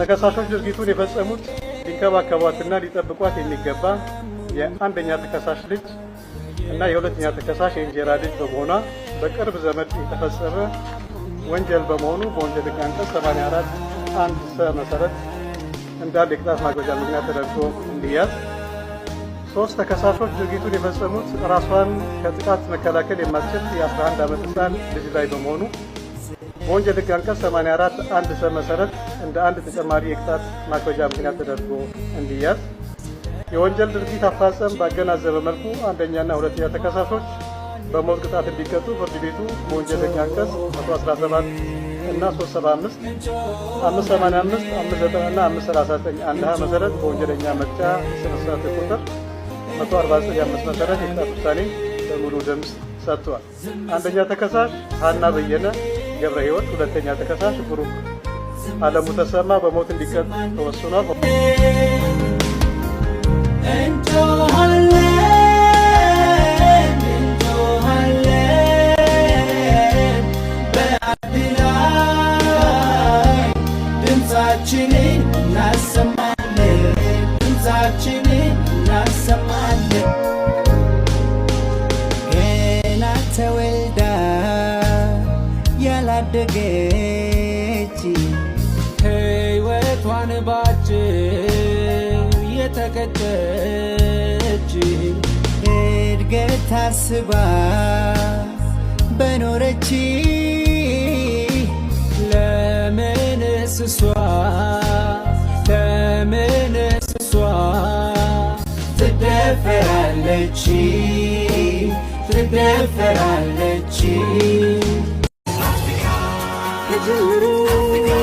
ተከሳሾች ድርጊቱን የፈጸሙት ሊንከባከቧትና ሊጠብቋት የሚገባ የአንደኛ ተከሳሽ ልጅ እና የሁለተኛ ተከሳሽ የእንጀራ ልጅ በመሆኗ በቅርብ ዘመድ የተፈጸመ ወንጀል በመሆኑ በወንጀል ሕግ አንቀጽ 84 አንድ ሰ መሰረት እንዳንድ የቅጣት ማክበጃ ምክንያት ተደርጎ እንዲያዝ። ሶስት ተከሳሾች ድርጊቱን የፈጸሙት ራሷን ከጥቃት መከላከል የማትችል የ11 ዓመት ህፃን ልጅ ላይ በመሆኑ በወንጀል ሕግ አንቀጽ 84 አንድ ሰ መሰረት እንደ አንድ ተጨማሪ የቅጣት ማክበጃ ምክንያት ተደርጎ እንዲያዝ የወንጀል ድርጊት አፋጸም ባገናዘበ መልኩ አንደኛና ሁለተኛ ተከሳሾች በሞት ቅጣት እንዲቀጡ ፍርድ ቤቱ በወንጀል ሕግ አንቀጽ 117 እና 375፣ 585፣ 59 እና 539 አንድ መሰረት በወንጀለኛ መቅጫ ሥነ ሥርዓት ቁጥር 149 መሰረት የቅጣት ውሳኔ በሙሉ ድምፅ ሰጥቷል። አንደኛ ተከሳሽ ሀና በየነ ገብረ ሕይወት፣ ሁለተኛ ተከሳሽ ብሩክ አለሙ ተሰማ በሞት እንዲቀጡ ተወስኗል። ድምፃችንን እናሰማለን፣ ድምፃችንን እናሰማለን። አሳደገች ሕይወቷን ባጭው የተቀጨች እድገት ታስባ በኖረች ለምን ስሷ ለምን እሷ ትደፈራለች ትደፈራለች Guru.